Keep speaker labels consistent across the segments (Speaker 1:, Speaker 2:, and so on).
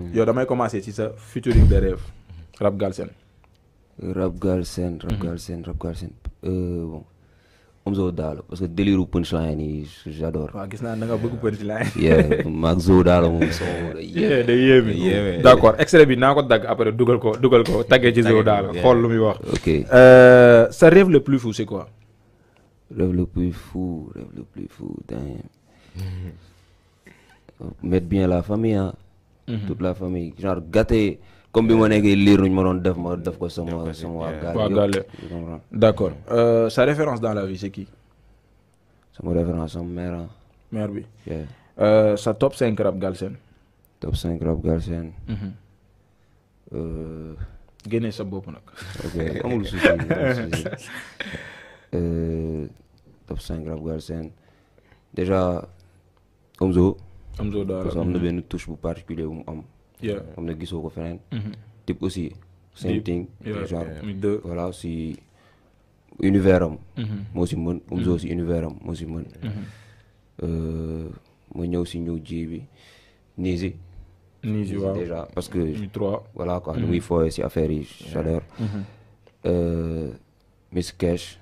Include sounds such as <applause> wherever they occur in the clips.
Speaker 1: Hmm. yow damay commencer ci sa de rêve
Speaker 2: Rap Galsen. Rap Galsen Rap hmm. Galsen Rap Galsen euh, bon Omzo dal parce que punchline j'adore. <laughs> yeah Zo
Speaker 1: yeah d'accord extrait bi après ko ko ci ok rêve le plus fou c'est quoi.
Speaker 2: rêve le plus fou rêve le plus fou. Hmm. mettre bien la famille hein. Mm-hmm. toute la famille genre gâté comme bi mo nekkee lire ñu ma doon def ma def ko sama sama
Speaker 1: euh, sa référence dans la vie c'est qui
Speaker 2: sama référence sama mère hein. mère bi
Speaker 1: euh, sa top 5 rap galsen
Speaker 2: top 5 rap galsen mm-hmm. euh, génne sa bop nak ok <laughs> amul souci top 5 rap galsen déjà Omzo parce que am touche particulièrement. particulier am. Mm-hmm. type aussi. same thing genre voilà si univers am. Mm-hmm. Mm-hmm. univers aussi euh, aussi Nizi. Nizi déjà parce que. voilà quoi faut affaire chaleur. Euh, Cash.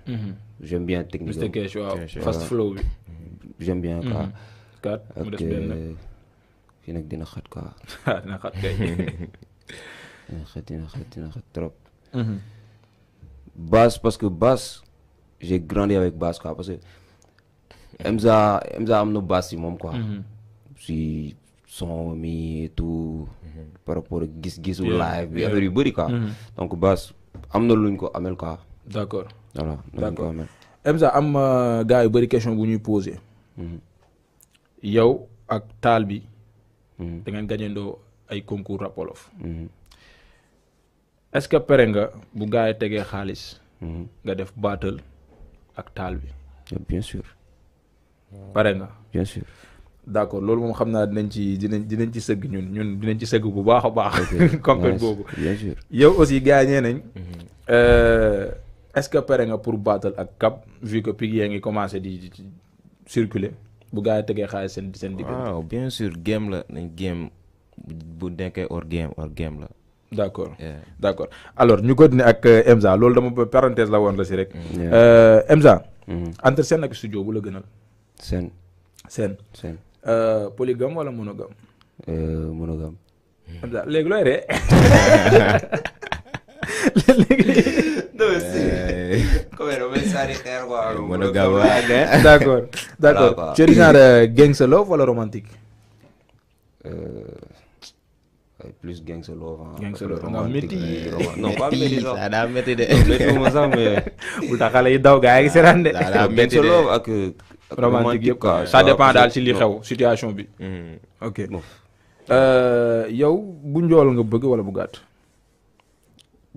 Speaker 2: j'aime bien technique. Mr Cash fast flow j'aime bien ça. 4 mu des benn fii nag dina xat quoi. <laughs> Ah, dina xat kay. <laughs> dina xat dina xat dina xat trop. Mhm. Bass parce que bas j'ai grandi avec bas quoi parce que Emza Emza am na Bass si moom quoi. Mhm. si son mi et tout. Mhm. par rapport au gis-gisu live bi affaire yu bëri quoi. donc bas, am na luñ ko
Speaker 1: amel quoi. d' accord voilà luñ Emza am euh, gars yu bëri question bu ñuy posé. yow ak taal bi. Hmm. dangeen ngeen ay concours rap wolof. Hmm. est-ce que pare nga bu gaa yi tegee xaalis. Hmm. nga def
Speaker 2: baatal ak taal bi. bien sûr. pare nga. bien sûr.
Speaker 1: d'accord loolu moom xam naa dinañ ci dinañ dinañ ci sëgg ñun ñun dinañ ci sëgg bu baax a baax. <laughs> compét boobu bien sûr. yow aussi gaa ñee nañ. Euh, est-ce que pare nga pour baatal ak cap vu que pig yaa ngi commencé di circuler bu gaa yi tegee xaalis sen seen diggante.
Speaker 2: waaw bien sûr game la nañ game
Speaker 1: bu nekkee or game or game la. d' accord d' accord alors ñu continuer ak euh, Emza loolu dama parenthèse la woon la si rek. Mm. Euh, Emza.
Speaker 2: Mm-hmm. entre scène
Speaker 1: ak studio bu la gënal.
Speaker 2: scène. scène scène.
Speaker 1: Euh, polygame wala monogame.
Speaker 2: euh, monogame.
Speaker 1: Emza léegi looy ree <laughs> <laughs>
Speaker 2: léegi. <laughs> Comeram mensagem até agora. Mano, gabá, né? D'accord,
Speaker 1: gangster love ou alors
Speaker 2: plus gangster love. love. Non, mais Non, pas mais Ça da metti de. Mais comment ça Gangster love ak romantique yëpp quoi. Ça dépend daal ci li xew situation bi. Hmm. OK.
Speaker 1: Euh yow bu wala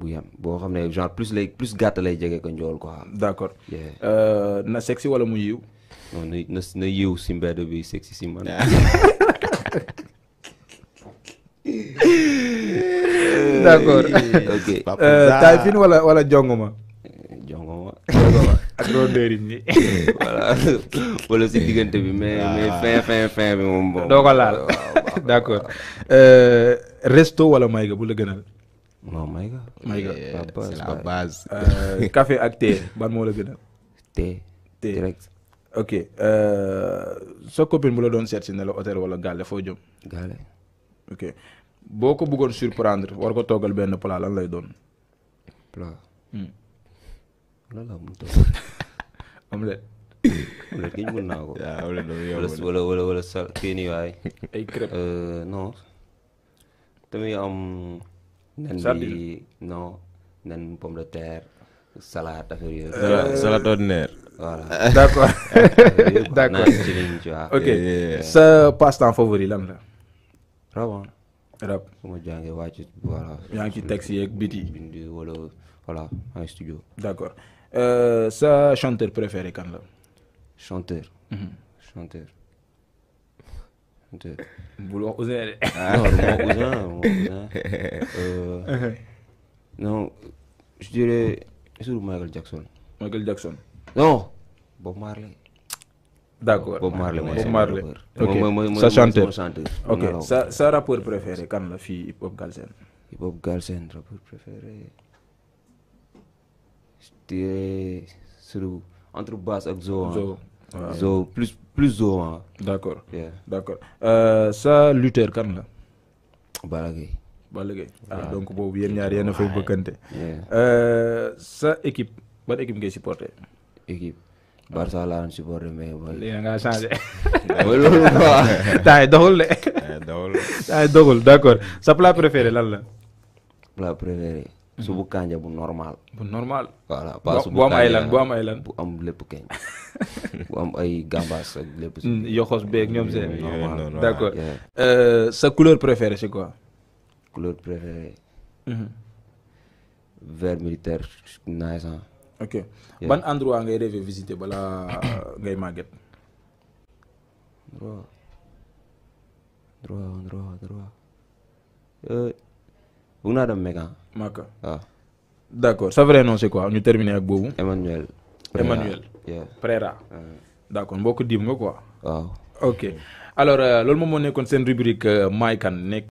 Speaker 2: bu yem boo xam ne genre plus lay plus gàtt lay jege ko njool quoi. d'accord euh, na sexy wala mu yiw. na yiw si mbedd bi sexy si man. <laughs> d'accord ok. <laughs> Euh, taay fin
Speaker 1: wala wala jongoma.
Speaker 2: ak rondeur yi. <laughs> voilà wala si diggante bi mais ah. mais fin fin bi moom. doo ko laal d'accord euh,
Speaker 1: resto wala mayga bu la gënal.
Speaker 2: non Mayiga. Mayiga c'est la euh,
Speaker 1: ak thé ban moo la gënal. thé ok euh, sa copine bu doon seet si ne la hôtel wala gaale foo jëm. boo ko bëggoon surprendre war ko toggal benn plat lan lay doon. plat.
Speaker 2: Hmm. lan la mun togg. <laughs> omelette. <laughs> ay crêpes. Euh, non. Non, bi non pomme de terre salade affaire euh, salade ordinaire. voilà <laughs> D'accord. <laughs> <laughs> ok Ça
Speaker 1: passe-temps favori là, la. rab hein.
Speaker 2: rab voilà. taxi voilà un studio. D'accord. Ça, euh,
Speaker 1: chanteur préféré quand la. chanteur. Mhm.
Speaker 2: chanteur. Ah,
Speaker 1: euh,
Speaker 2: non je dirais sur Michael Jackson Michael Jackson non Bob Marley D'accord. Bob Marley Bob Marley ok
Speaker 1: sa rappeur préféré
Speaker 2: la fille hip hop Galsen. hip hop rappeur préféré je dirais sur entre Bass et Zo. waaw Zo plus plus Zo ah. d' accord d' sa lutteur kan la.
Speaker 1: Balla Gaye. Balla Gaye ah donc boobu yéen ñaar yéen a euh,
Speaker 2: sa équipe ban équipe ngay supporter. équipe Barça supporter mais. léegi da ngaa changé. <laughs> loolu <laughs> doxul de. taay doxul d' accord sa plat préféré lan la. plat préféré. subu mhm. kanja bu normal. bu normal voilà pas subu. bu am ay lan bu am ay bu am lépp keñ <laughs> bu am ay gambas ak lépp. Mm, yoxos beeg ñoom seen. normal euh, sa couleur préférée c' est couleur préférée. Mhm. vert militaire nice ah. ok ban
Speaker 1: endroit ngay rêvé visiter balaa ngay màgget.
Speaker 2: droit naa dem Mekka. Maka waaw. Ah. d' accord sa vrai nom c'est
Speaker 1: quoi ñu terminer ak boobu. Emmanuel. Emmanuel. Prera ah. d' accord mbokk diim nga quoi. waaw alors euh, loolu moom moo nekkoon seen rubrique euh, Maay Kan nekk.